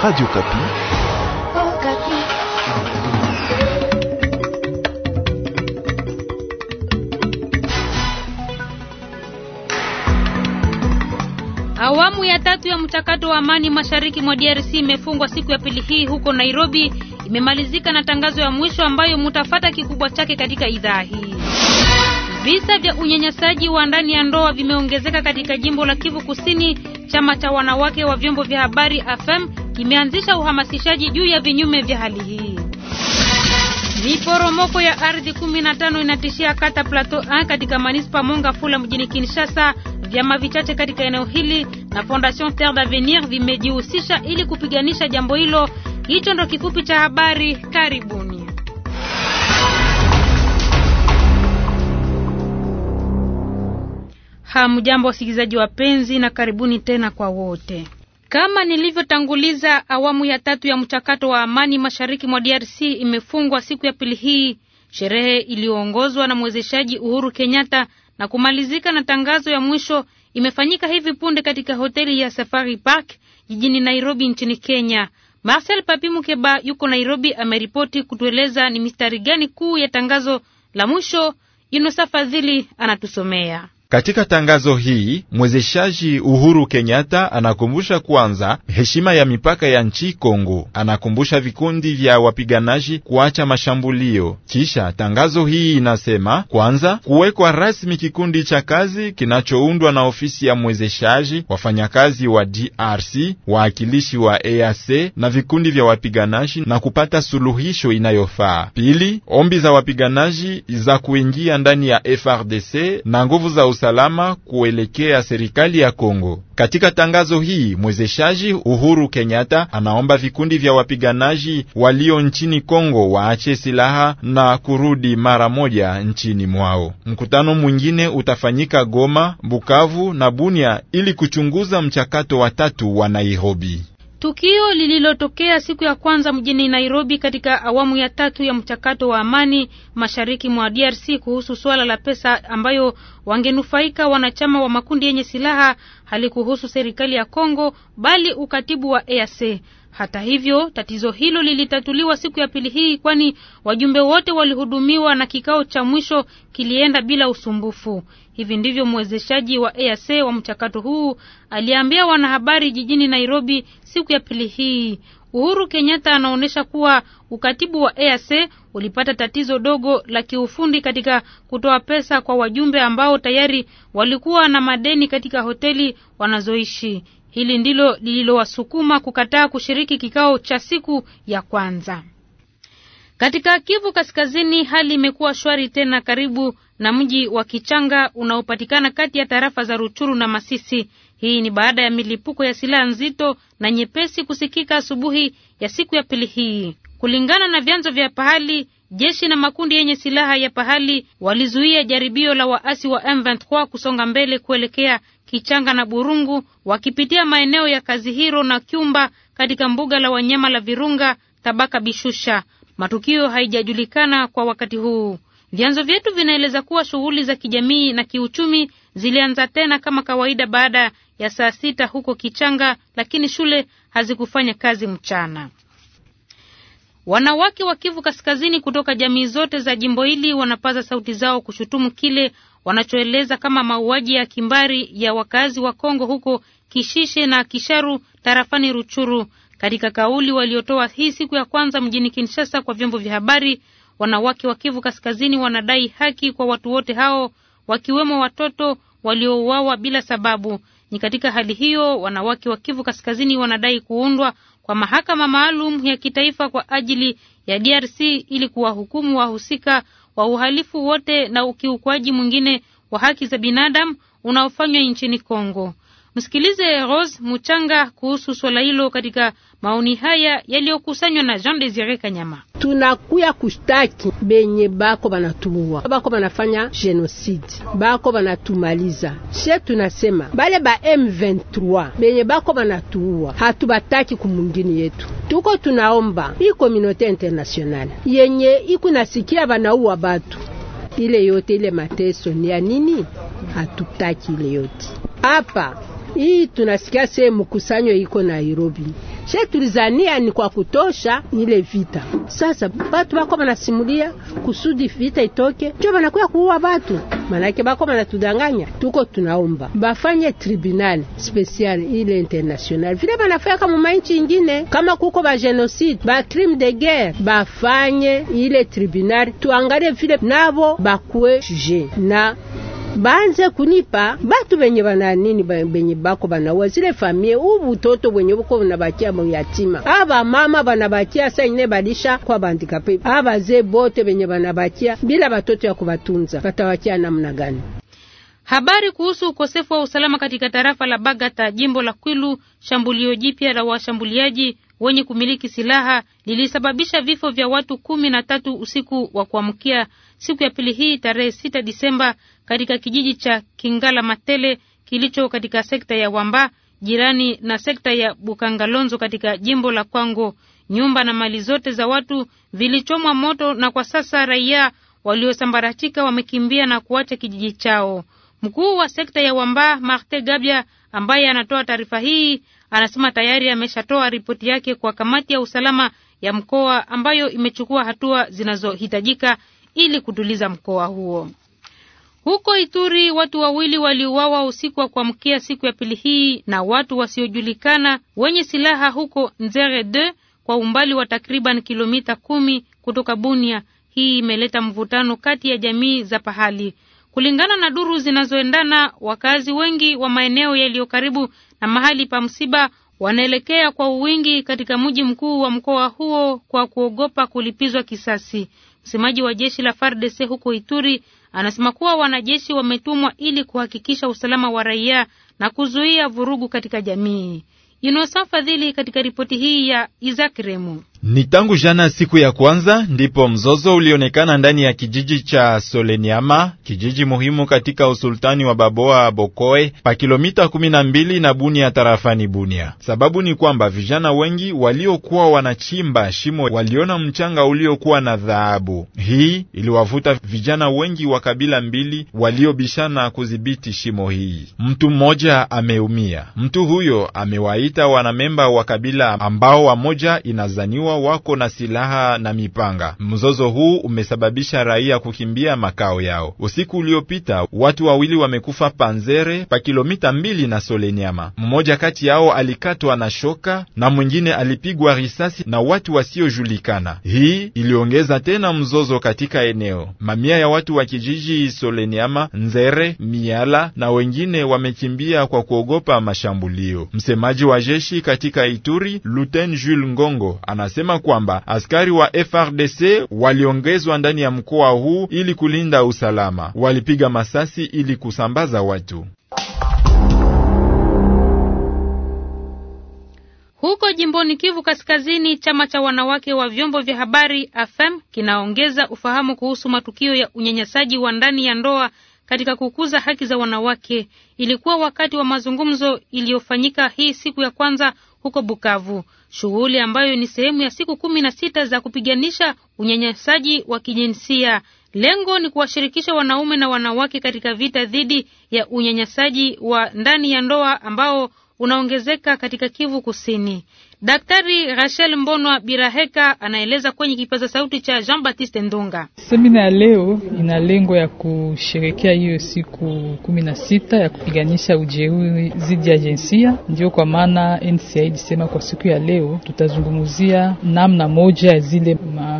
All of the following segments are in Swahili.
Radio Kapi. Oh, Kapi. Awamu ya tatu ya mchakato wa amani mashariki mwa DRC imefungwa siku ya pili hii huko Nairobi, imemalizika na tangazo ya mwisho ambayo mutafata kikubwa chake katika idhaa hii. Visa vya unyanyasaji wa ndani ya ndoa vimeongezeka katika jimbo la Kivu Kusini. Chama cha wanawake wa vyombo vya habari AFM kimeanzisha uhamasishaji juu ya vinyume vya hali hii. Miporomoko ya ardhi 15 inatishia kata Plateau 1 katika manispa Monga Fula mjini Kinshasa. Vyama vichache katika eneo hili na Fondation Terre d'Avenir vimejihusisha ili kupiganisha jambo hilo. Hicho ndo kifupi cha habari. Karibuni. Hamjambo wasikilizaji wapenzi, na karibuni tena kwa wote. Kama nilivyotanguliza, awamu ya tatu ya mchakato wa amani mashariki mwa DRC imefungwa siku ya pili hii, sherehe iliyoongozwa na mwezeshaji Uhuru Kenyatta na kumalizika na tangazo ya mwisho imefanyika hivi punde katika hoteli ya Safari Park jijini Nairobi nchini Kenya. Marcel Papi Mukeba yuko Nairobi, ameripoti kutueleza ni mistari gani kuu ya tangazo la mwisho. Yunusa Fadhili anatusomea. Katika tangazo hii mwezeshaji Uhuru Kenyatta anakumbusha kwanza heshima ya mipaka ya nchi Kongo, anakumbusha vikundi vya wapiganaji kuacha mashambulio. Kisha tangazo hii inasema kwanza, kuwekwa rasmi kikundi cha kazi kinachoundwa na ofisi ya mwezeshaji, wafanyakazi wa DRC, waakilishi wa EAC na vikundi vya wapiganaji na kupata suluhisho inayofaa. Pili, ombi za wapiganaji za kuingia ndani ya FRDC na nguvu za usalama kuelekea serikali ya Kongo. Katika tangazo hii, mwezeshaji Uhuru Kenyatta anaomba vikundi vya wapiganaji walio nchini Kongo waache silaha na kurudi mara moja nchini mwao. Mkutano mwingine utafanyika Goma, Bukavu na Bunia ili kuchunguza mchakato wa tatu wa Nairobi. Tukio lililotokea siku ya kwanza mjini Nairobi katika awamu ya tatu ya mchakato wa amani mashariki mwa DRC kuhusu suala la pesa ambayo wangenufaika wanachama wa makundi yenye silaha halikuhusu serikali ya Kongo bali ukatibu wa EAC. Hata hivyo, tatizo hilo lilitatuliwa siku ya pili hii kwani wajumbe wote walihudumiwa na kikao cha mwisho kilienda bila usumbufu. Hivi ndivyo mwezeshaji wa EAC wa mchakato huu aliambia wanahabari jijini Nairobi siku ya pili hii. Uhuru Kenyatta anaonyesha kuwa ukatibu wa EAC ulipata tatizo dogo la kiufundi katika kutoa pesa kwa wajumbe ambao tayari walikuwa na madeni katika hoteli wanazoishi. Hili ndilo lililowasukuma kukataa kushiriki kikao cha siku ya kwanza. Katika Kivu Kaskazini hali imekuwa shwari tena karibu na mji wa Kichanga unaopatikana kati ya tarafa za Ruchuru na Masisi. Hii ni baada ya milipuko ya silaha nzito na nyepesi kusikika asubuhi ya siku ya pili hii. Kulingana na vyanzo vya pahali, jeshi na makundi yenye silaha ya pahali walizuia jaribio la waasi wa M23 kusonga mbele kuelekea Kichanga na Burungu, wakipitia maeneo ya Kazihiro na Kyumba katika mbuga la wanyama la Virunga, tabaka Bishusha. Matukio haijajulikana kwa wakati huu. Vyanzo vyetu vinaeleza kuwa shughuli za kijamii na kiuchumi zilianza tena kama kawaida baada ya saa sita huko Kichanga, lakini shule hazikufanya kazi mchana. Wanawake wa Kivu Kaskazini kutoka jamii zote za jimbo hili wanapaza sauti zao kushutumu kile wanachoeleza kama mauaji ya kimbari ya wakazi wa Kongo huko Kishishe na Kisharu tarafani Ruchuru. Katika kauli waliotoa hii siku ya kwanza mjini Kinshasa kwa vyombo vya habari, Wanawake wa Kivu Kaskazini wanadai haki kwa watu wote hao wakiwemo watoto waliouawa bila sababu. Ni katika hali hiyo, wanawake wa Kivu Kaskazini wanadai kuundwa kwa mahakama maalum ya kitaifa kwa ajili ya DRC ili kuwahukumu wahusika wa uhalifu wote na ukiukwaji mwingine wa haki za binadamu unaofanywa nchini Kongo. Msikilize Rose Muchanga kuhusu swala hilo katika maoni haya yaliyokusanywa na Jean Desire Kanyama. Tunakuya kushtaki benye bako banatuua, bako banafanya genocide, bako banatumaliza. She tunasema bale ba M23 benye bako banatuua, hatubataki kumungini yetu. Tuko tunaomba hii komunote internationale yenye ikunasikia banauwa batu, ile yote ile mateso ni ya nini? Hatutaki ile yote hapa hii tunasikia se mkusanyo iko Nairobi she tulizania ni kwa kutosha ile vita. Sasa batu bako banasimulia kusudi vita itoke, njo banakuya kuua batu manake bako banatudanganya. Tuko tunaomba bafanye tribunal special ile international vile banafanya kama mainchi ingine, kama kuko ba genocide ba crime de guerre, bafanye ile tribunal, tuangalie vile nabo bakuwe juge na banze kunipa batu benye bana nini benye bako banaua zile famie toto bwenye buko bunabakia muyatima aba mama banabakia sa ine badisha kwa bandika pe ze bote benye banabakia bila batoto ya kubatunza batawakia namna gani? Habari kuhusu ukosefu wa usalama katika tarafa la Bagata, jimbo la Kwilu. Shambulio jipya la washambuliaji wenye kumiliki silaha lilisababisha vifo vya watu kumi na tatu usiku wa kuamkia siku ya pili hii tarehe sita Disemba katika kijiji cha Kingala Matele kilicho katika sekta ya Wamba jirani na sekta ya Bukangalonzo katika jimbo la Kwango. Nyumba na mali zote za watu vilichomwa moto na kwa sasa raia waliosambaratika wamekimbia na kuacha kijiji chao. Mkuu wa sekta ya Wamba Marte Gabya ambaye anatoa taarifa hii anasema tayari ameshatoa ripoti yake kwa kamati ya usalama ya mkoa ambayo imechukua hatua zinazohitajika ili kutuliza mkoa huo. Huko Ituri watu wawili waliuawa usiku wa kuamkia siku ya pili hii na watu wasiojulikana wenye silaha huko Nzere de kwa umbali wa takriban kilomita kumi kutoka Bunia. Hii imeleta mvutano kati ya jamii za pahali. Kulingana na duru zinazoendana, wakazi wengi wa maeneo yaliyo karibu na mahali pa msiba wanaelekea kwa uwingi katika mji mkuu wa mkoa huo kwa kuogopa kulipizwa kisasi. Msemaji wa jeshi la FARDC huko Ituri anasema kuwa wanajeshi wametumwa ili kuhakikisha usalama wa raia na kuzuia vurugu katika jamii. Inosa Fadhili katika ripoti hii ya Isaac Remo. Ni tangu jana siku ya kwanza ndipo mzozo ulionekana ndani ya kijiji cha Soleniama, kijiji muhimu katika usultani wa Baboa Bokoe, pa kilomita 12 na Bunia tarafani Bunia. Sababu ni kwamba vijana wengi waliokuwa wanachimba shimo waliona mchanga uliokuwa na dhahabu. Hii iliwavuta vijana wengi wa kabila mbili waliobishana kudhibiti shimo hii. Mtu mmoja ameumia. Mtu huyo amewaita wanamemba wa kabila ambao wamoja inazaniwa walitumwa wako na silaha na mipanga. Mzozo huu umesababisha raia kukimbia makao yao. Usiku uliopita watu wawili wamekufa Panzere, pa kilomita mbili na Solenyama. Mmoja kati yao alikatwa na shoka na mwingine alipigwa risasi na watu wasiojulikana. Hii iliongeza tena mzozo katika eneo. Mamia ya watu wa kijiji Solenyama, Nzere, Miala na wengine wamekimbia kwa kuogopa mashambulio. Msemaji wa jeshi katika Ituri, Luten Jules Ngongo, anasema alisema kwamba askari wa FRDC waliongezwa ndani ya mkoa huu ili kulinda usalama. Walipiga masasi ili kusambaza watu. Huko jimboni Kivu Kaskazini, chama cha wanawake wa vyombo vya habari AFEM kinaongeza ufahamu kuhusu matukio ya unyanyasaji wa ndani ya ndoa katika kukuza haki za wanawake. Ilikuwa wakati wa mazungumzo iliyofanyika hii siku ya kwanza huko Bukavu, shughuli ambayo ni sehemu ya siku kumi na sita za kupiganisha unyanyasaji wa kijinsia. Lengo ni kuwashirikisha wanaume na wanawake katika vita dhidi ya unyanyasaji wa ndani ya ndoa ambao unaongezeka katika Kivu Kusini. Daktari Rachel Mbonwa Biraheka anaeleza kwenye kipaza sauti cha Jean Baptiste ndunga Semina ya leo ina lengo ya kusherekea hiyo siku kumi na sita ya kupiganisha ujeuri dhidi ya jinsia. Ndiyo kwa maana NCI ilisema kwa siku ya leo tutazungumzia namna moja ya zile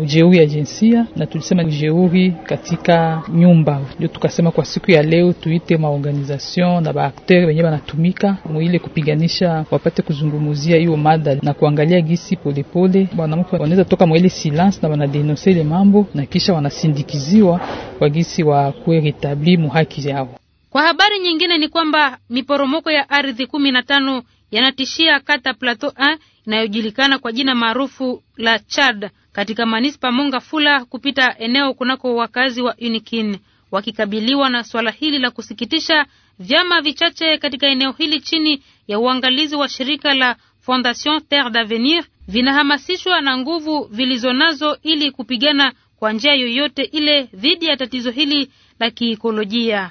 ujeuri ya jinsia, na tulisema ujeuri katika nyumba. Ndio tukasema kwa siku ya leo tuite maorganization na baakteri wenyewe wanatumika mwile kupiga kupiganisha wapate kuzungumuzia hiyo mada na kuangalia gisi polepole wanamke wanaweza toka mwaile silence na wanadenonse ile mambo na kisha wanasindikiziwa kwa gisi wa kueretabli muhaki yao. Kwa habari nyingine ni kwamba miporomoko ya ardhi kumi na tano yanatishia kata Plateau A inayojulikana kwa jina maarufu la Chad katika manispa monga fula kupita eneo kunako wakazi wa Unikin wakikabiliwa na suala hili la kusikitisha, vyama vichache katika eneo hili chini ya uangalizi wa shirika la Fondation Terre d'Avenir vinahamasishwa na nguvu vilizonazo ili kupigana kwa njia yoyote ile dhidi ya tatizo hili la kiikolojia.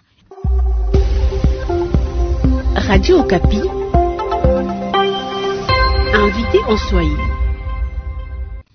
Radio Okapi invité en Swahili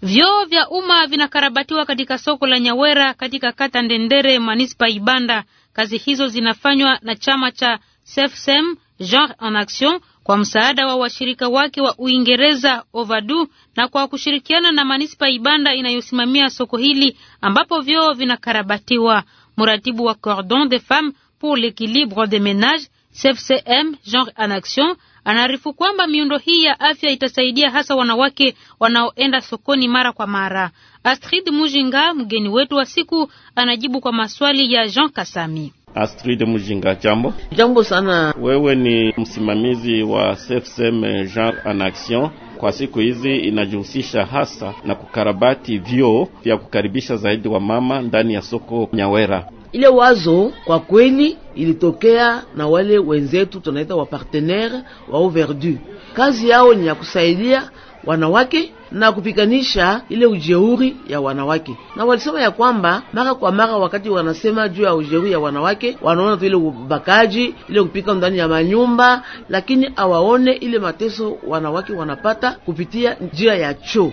Vyoo vya umma vinakarabatiwa katika soko la Nyawera katika kata Ndendere, manispa Ibanda. Kazi hizo zinafanywa na chama cha SEFSEM Genre en Action kwa msaada wa washirika wake wa Uingereza Ovadu na kwa kushirikiana na manispa Ibanda inayosimamia soko hili ambapo vyoo vinakarabatiwa. Mratibu wa Cordon de Femmes pour l'Equilibre des Ménages CFCM Genre en Action Anaarifu kwamba miundo hii ya afya itasaidia hasa wanawake wanaoenda sokoni mara kwa mara. Astrid Mujinga, mgeni wetu wa siku, anajibu kwa maswali ya Jean Kasami. Astrid Mujinga, jambo. Jambo sana. Wewe ni msimamizi wa CFCM Genre en Action. Kwa siku hizi inajihusisha hasa na kukarabati vyoo vya kukaribisha zaidi wa mama ndani ya soko Nyawera. Ile wazo kwa kweli ilitokea na wale wenzetu tunaita wapartenere wa Overdue. Kazi yao ni ya kusaidia wanawake na kupiganisha ile ujeuri ya wanawake, na walisema ya kwamba mara kwa mara, wakati wanasema juu ya ujeuri ya wanawake, wanaona tu ile ubakaji, ile kupika ndani ya manyumba, lakini awaone ile mateso wanawake wanapata kupitia njia ya choo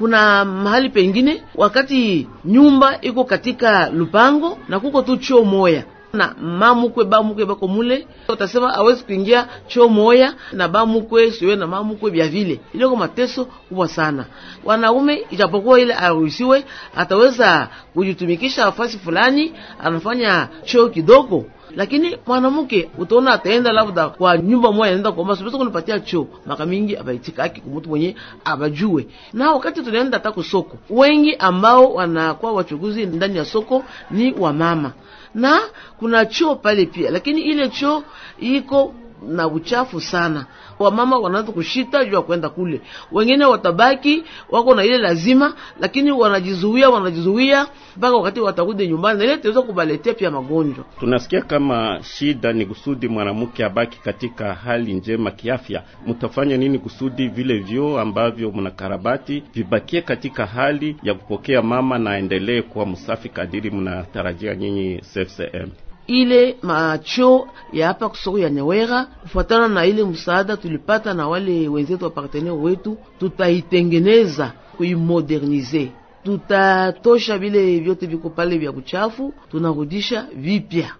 kuna mahali pengine wakati nyumba iko katika lupango na kuko tu choo moya na mamukwe bamukwe bako mule, utasema awezi kuingia choo moya na bamukwe siwe na mamukwe vya vile, ile kwa mateso kubwa sana. Wanaume ijapokuwa ile aruhusiwe ataweza kujitumikisha nafasi fulani, anafanya choo kidogo lakini mwanamke utaona ataenda labda kwa nyumba moja, anaenda kuomba, siwezi kunipatia choo. maka mingi abaitika haki kwa mwenye abajue. Na wakati tunaenda hata soko, wengi ambao wanakuwa wachuguzi ndani ya soko ni wamama na kuna choo pale pia, lakini ile choo iko na uchafu sana. Wamama wanaanza kushita juu ya kwenda kule, wengine watabaki wako na ile lazima, lakini wanajizuia wanajizuia mpaka wakati watarudi nyumbani, na ile itaweza kubaletea pia magonjwa. Tunasikia kama shida ni kusudi mwanamke abaki katika hali njema kiafya. Mtafanya nini kusudi vile vyoo ambavyo mnakarabati vibakie katika hali ya kupokea mama na aendelee kuwa msafi kadiri mnatarajia nyinyi CCM? ile macho ya hapa kusoko ya Nyawera, kufuatana na ile msaada tulipata na wale wenzetu wa partenere wetu, tutaitengeneza kuimodernize, tutatosha vile vyote viko pale vya kuchafu, tunarudisha vipya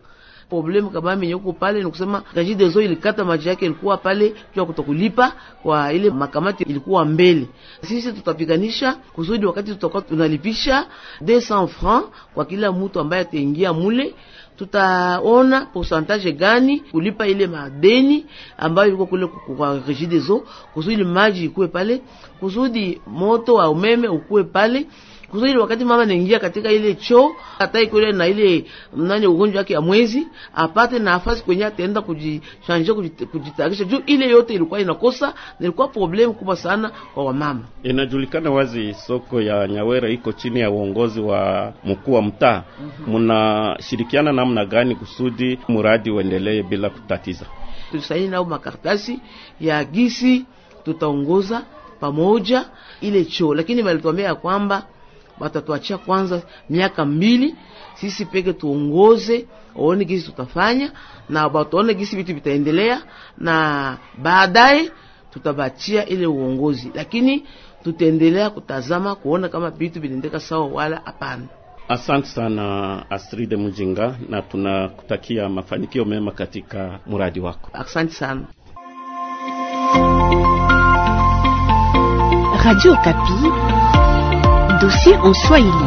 problem kama mimi yuko pale, ni kusema Kajidezo ilikata maji yake ilikuwa pale kwa kutokulipa kwa ile makamati ilikuwa mbele. Sisi tutapiganisha kusudi wakati tutakuwa tunalipisha 200 francs kwa kila mtu ambaye ataingia mule, tutaona pourcentage gani kulipa ile madeni ambayo ilikuwa kule kwa Kajidezo, kusudi maji ikuwe pale, kusudi moto wa umeme ukuwe pale Kusudi wakati mama anaingia katika ile choo atai kule na ile nani ugonjwa wake ya mwezi apate nafasi kwenye ataenda kujishanje kujitayarisha, juu ile yote ilikuwa inakosa, ilikuwa problem kubwa sana kwa wamama. Inajulikana wazi soko ya Nyawera iko chini ya uongozi wa mkuu wa mtaa. Mnashirikiana mhm. mm -hmm. namna gani kusudi muradi uendelee bila kutatiza? Tusaini nao makaratasi ya gisi tutaongoza pamoja ile choo, lakini walituambia ya kwamba batatuachia kwanza miaka mbili sisi peke tuongoze, waone gisi tutafanya na batuone gisi vitu vitaendelea, na baadaye tutabachia ile uongozi, lakini tutaendelea kutazama kuona kama vitu vinaendeka sawa wala hapana. Asante sana Astride Mujinga, na tunakutakia mafanikio mema katika mradi wako. Asante sana. Radio Kapi. Dossier en Swahili.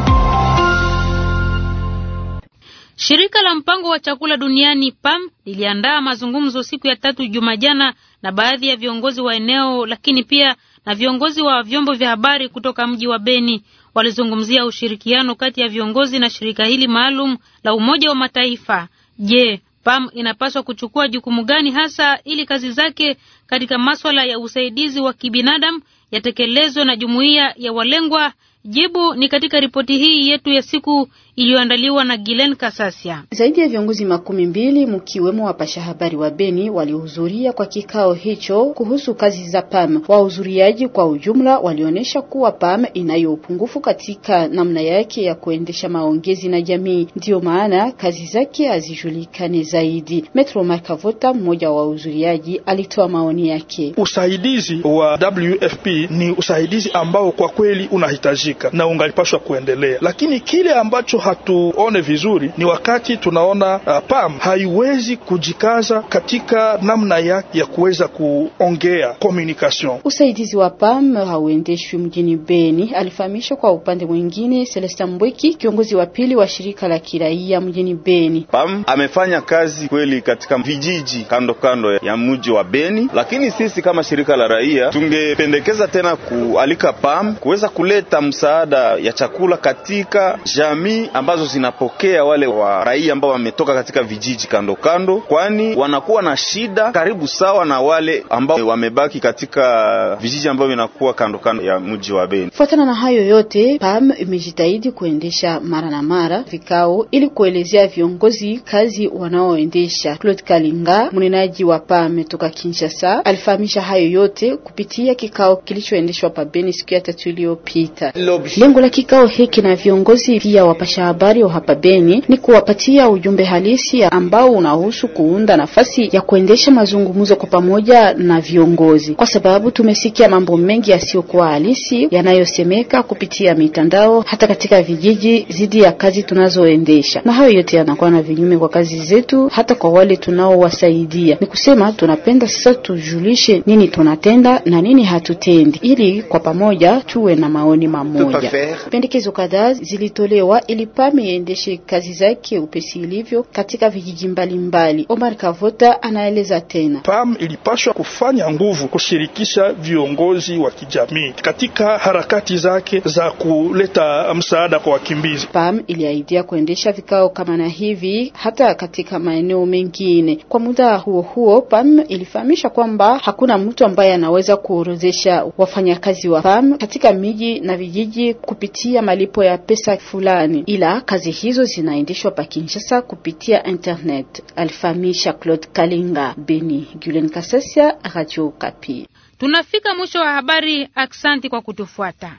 Shirika la mpango wa chakula duniani PAM liliandaa mazungumzo siku ya tatu Jumajana na baadhi ya viongozi wa eneo lakini pia na viongozi wa vyombo vya habari kutoka mji wa Beni. Walizungumzia ushirikiano kati ya viongozi na shirika hili maalum la Umoja wa Mataifa. Je, PAM inapaswa kuchukua jukumu gani hasa ili kazi zake katika maswala ya usaidizi wa kibinadamu yatekelezwe na jumuiya ya walengwa Jibu ni katika ripoti hii yetu ya siku iliyoandaliwa na Gilen Kasasia. Zaidi ya viongozi makumi mbili mkiwemo wapasha habari wa Beni walihudhuria kwa kikao hicho kuhusu kazi za PAM. Wahudhuriaji kwa ujumla walionyesha kuwa PAM inayo upungufu katika namna yake ya kuendesha maongezi na jamii, ndiyo maana kazi zake hazijulikane zaidi. Metro Markavota, mmoja wa wahudhuriaji, alitoa maoni yake. Usaidizi wa WFP ni usaidizi ambao kwa kweli unahitajika ungekamilika na ungalipashwa kuendelea, lakini kile ambacho hatuone vizuri ni wakati tunaona uh, PAM haiwezi kujikaza katika namna yake ya kuweza kuongea communication. Usaidizi wa PAM hauendeshwi mjini Beni, alifahamishwa Kwa upande mwingine, Celestin Mbweki, kiongozi wa pili wa shirika la kiraia mjini Beni, PAM amefanya kazi kweli katika vijiji kando kando ya mji wa Beni, lakini sisi kama shirika la raia tungependekeza tena kualika PAM kuweza kuleta misaada ya chakula katika jamii ambazo zinapokea wale wa raia ambao wametoka katika vijiji kando kando, kwani wanakuwa na shida karibu sawa na wale ambao wamebaki katika vijiji ambavyo vinakuwa kando kando ya mji wa Beni. Kufuatana na hayo yote, PAM imejitahidi kuendesha mara na mara vikao ili kuelezea viongozi kazi wanaoendesha. Claude Kalinga, mnenaji wa PAM toka Kinshasa, alifahamisha hayo yote kupitia kikao kilichoendeshwa pa Beni siku ya tatu iliyopita. Nairobi. Lengo la kikao hiki na viongozi pia wapasha habari wa hapa Beni ni kuwapatia ujumbe halisi ambao unahusu kuunda nafasi ya kuendesha mazungumzo kwa pamoja na viongozi, kwa sababu tumesikia mambo mengi yasiyokuwa halisi yanayosemeka kupitia mitandao hata katika vijiji dhidi ya kazi tunazoendesha, na hayo yote yanakuwa na vinyume kwa kazi zetu, hata kwa wale tunaowasaidia. Ni kusema tunapenda sasa tujulishe nini tunatenda na nini hatutendi, ili kwa pamoja tuwe na maoni mamoja moja. Pendekezo kadhaa zilitolewa ili pame iendeshe kazi zake upesi ilivyo katika vijiji mbalimbali. Omar Kavota anaeleza tena. PAM ilipashwa kufanya nguvu kushirikisha viongozi wa kijamii katika harakati zake za kuleta msaada kwa wakimbizi. PAM iliaidia kuendesha vikao kama na hivi hata katika maeneo mengine. Kwa muda huo huo, PAM ilifahamisha kwamba hakuna mtu ambaye anaweza kuorozesha wafanyakazi wa PAM katika miji na vijiji kijiji kupitia malipo ya pesa fulani, ila kazi hizo zinaendeshwa pa Kinshasa kupitia internet. Alifahamisha Claude Kalinga, Beni. Gulen kasasia Radio Kapi. Tunafika mwisho wa habari. Aksanti kwa kutufuata.